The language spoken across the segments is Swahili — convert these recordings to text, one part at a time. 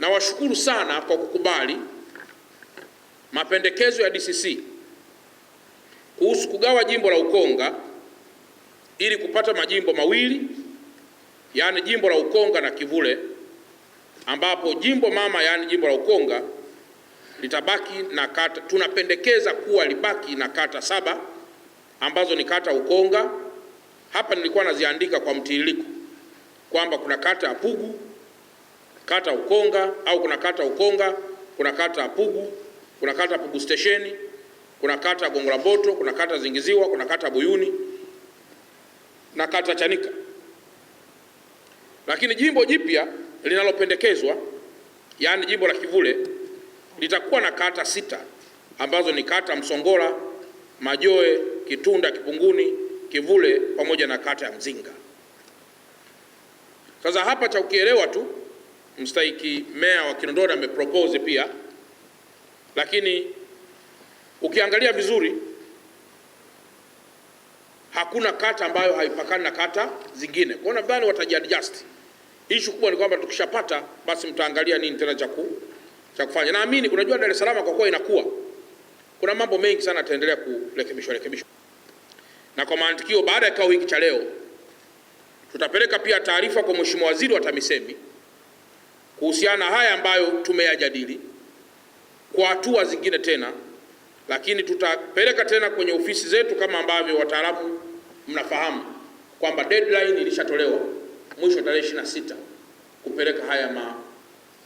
Nawashukuru sana kwa kukubali mapendekezo ya DCC kuhusu kugawa jimbo la Ukonga ili kupata majimbo mawili, yaani jimbo la Ukonga na Kivule, ambapo jimbo mama yaani jimbo la Ukonga litabaki na kata, tunapendekeza kuwa libaki na kata saba ambazo ni kata Ukonga. Hapa nilikuwa naziandika kwa mtiririko kwamba kuna kata ya Pugu kata Ukonga au kuna kata Ukonga, kuna kata Pugu, kuna kata Pugu stesheni, kuna kata Gongo la Mboto, kuna kata Zingiziwa, kuna kata Buyuni na kata Chanika. Lakini jimbo jipya linalopendekezwa, yaani jimbo la Kivule, litakuwa na kata sita ambazo ni kata Msongola, Majoe, Kitunda, Kipunguni, Kivule pamoja na kata ya Mzinga. Sasa hapa cha ukielewa tu mstahiki meya wa Kinondoni amepropose pia, lakini ukiangalia vizuri hakuna kata ambayo haipakani na kata zingine. Kwa hiyo nadhani watajiadjust. Issue kubwa ni kwamba tukishapata, basi mtaangalia nini tena cha cha kufanya. Naamini unajua, Dar es Salaam kwa kuwa inakuwa kuna mambo mengi sana yataendelea kurekebishwa rekebishwa, na kwa maandikio, baada ya kikao hiki cha leo tutapeleka pia taarifa kwa Mheshimiwa Waziri wa TAMISEMI kuhusiana na haya ambayo tumeyajadili kwa hatua zingine tena, lakini tutapeleka tena kwenye ofisi zetu kama ambavyo wataalamu mnafahamu kwamba deadline ilishatolewa mwisho tarehe ishirini sita kupeleka haya ma,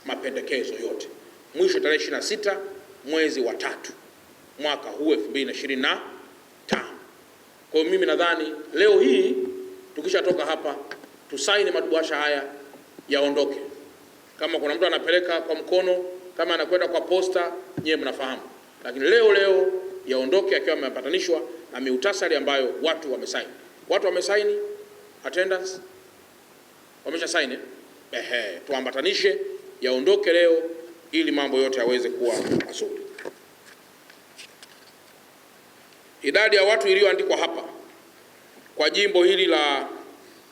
mapendekezo yote mwisho tarehe ishirini sita mwezi wa tatu mwaka huu 2025. Kwa hiyo mimi nadhani leo hii tukishatoka hapa tusaini madubasha haya yaondoke. Kama kuna mtu anapeleka kwa mkono, kama anakwenda kwa posta, nyewe mnafahamu. Lakini leo leo yaondoke akiwa amepatanishwa na miutasari ambayo watu wamesaini. Watu wamesaini attendance wamesha saini, ehe, tuambatanishe yaondoke leo ili mambo yote yaweze kuwa mazuri. Idadi ya watu iliyoandikwa hapa kwa jimbo hili la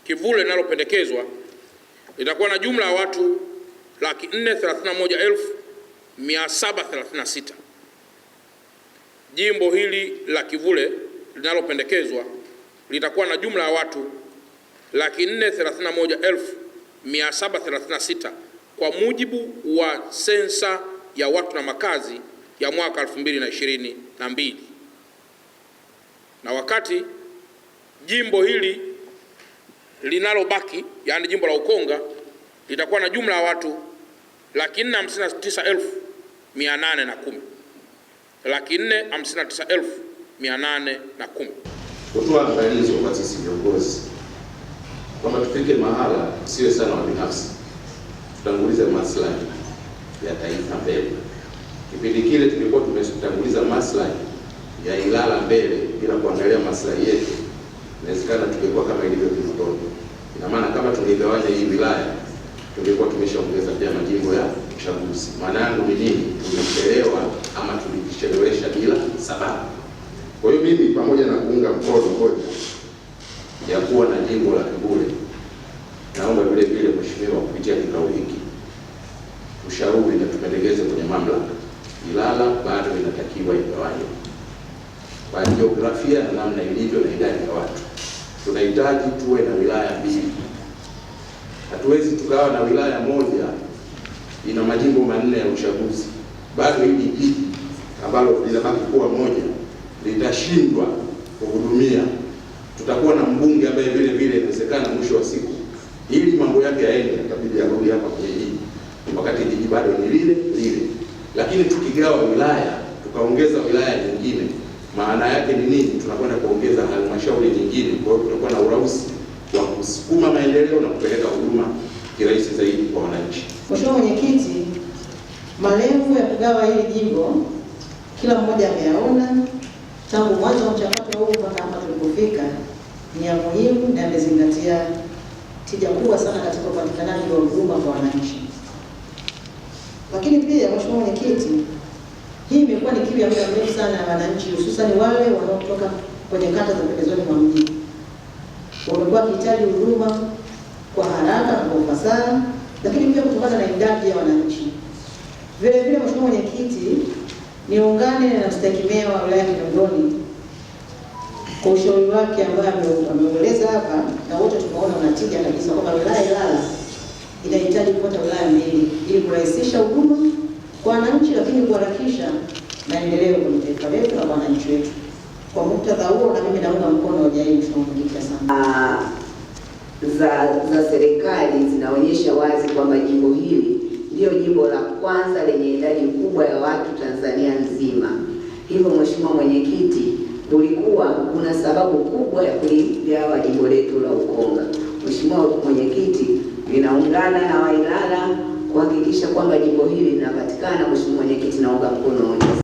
Kivule linalopendekezwa litakuwa na jumla ya watu laki 431736. Jimbo hili la Kivule linalopendekezwa litakuwa na jumla ya watu laki nne kwa mujibu wa sensa ya watu na makazi ya mwaka 2022 na na wakati jimbo hili linalobaki, yaani jimbo la Ukonga litakuwa na jumla ya watu laki nne hamsini na tisa elfu mia nane na kumi laki nne hamsini na tisa elfu mia nane na kumi. Kutoa angalizo kwa sisi viongozi kwamba tufike mahala siwe sana wa binafsi, tutangulize maslahi ya taifa mbele. Kipindi kile tulikuwa tumetanguliza maslahi ya Ilala mbele bila kuangalia maslahi yetu, inawezekana tungekuwa kama ilivyo Kinondoni. Ina maana kama tungegawanya hii wilaya tungekuwa tumeshaongeza pia majimbo ya uchaguzi. Maana yangu ni nini? Tumechelewa ama tulichelewesha bila sababu. Kwa hiyo mimi pamoja na kuunga mkono hoja ya kuwa na jimbo la Kibule, naomba vile vile mheshimiwa, kupitia kikao hiki ushauri na tupendekeze kwenye mamlaka Ilala bado inatakiwa igawanywe kwa jiografia na namna ilivyo na idadi ya watu. Tunahitaji tuwe na wilaya mbili Hatuwezi tukawa na wilaya moja ina majimbo manne ya uchaguzi, bado hili jiji ambalo linabaki kuwa moja litashindwa kuhudumia. Tutakuwa na mbunge ambaye vile vile inawezekana mwisho wa siku, ili mambo yake yaende, itabidi arudi hapa kwenye jiji, wakati jiji bado ni lile lile. Lakini tukigawa wilaya tukaongeza wilaya nyingine, maana yake ni nini? Tunakwenda kuongeza halmashauri nyingine, kwa hiyo tutakuwa na urahisi kusukuma maendeleo na kupeleka huduma kirahisi zaidi kwa wananchi. Mheshimiwa Mwenyekiti, malengo ya kugawa hili jimbo kila mmoja ameyaona tangu mwanzo wa mchakato huu mpaka hapa tulipofika, ni ya muhimu na yamezingatia tija kubwa sana katika upatikanaji wa huduma kwa wananchi. Lakini pia Mheshimiwa Mwenyekiti, hii imekuwa ni kiu ya muda mrefu sana ya wananchi, hususani wale wanaotoka kwenye kata za pembezoni mwa mji walikuwa wakihitaji huduma kwa haraka kwa ufasaha, lakini pia kutokana na idadi ya wananchi. Vile vile, Mheshimiwa Mwenyekiti, niungane na mstahiki wa wilaya Kinondoni kwa ushauri wake ambaye ameueleza hapa na wote tumeona unatija kabisa kwamba wilaya Ilala inahitaji kupata wilaya mbili ili kurahisisha huduma kwa wananchi, lakini kuharakisha maendeleo kwenye taifa letu na wananchi wetu. Kwa muktadha huo, na mimi naunga mkono hoja hii, Mheshimiwa Mwenyekiti. Sana ah, za za serikali zinaonyesha wazi kwamba jimbo hili ndio jimbo la kwanza lenye idadi kubwa ya watu Tanzania nzima. Hivyo Mheshimiwa Mwenyekiti, kulikuwa kuna sababu kubwa ya kuligawa jimbo letu la Ukonga. Mheshimiwa Mwenyekiti, ninaungana na Wailala kuhakikisha kwamba jimbo hili linapatikana. Mheshimiwa Mwenyekiti, naunga mkono hoja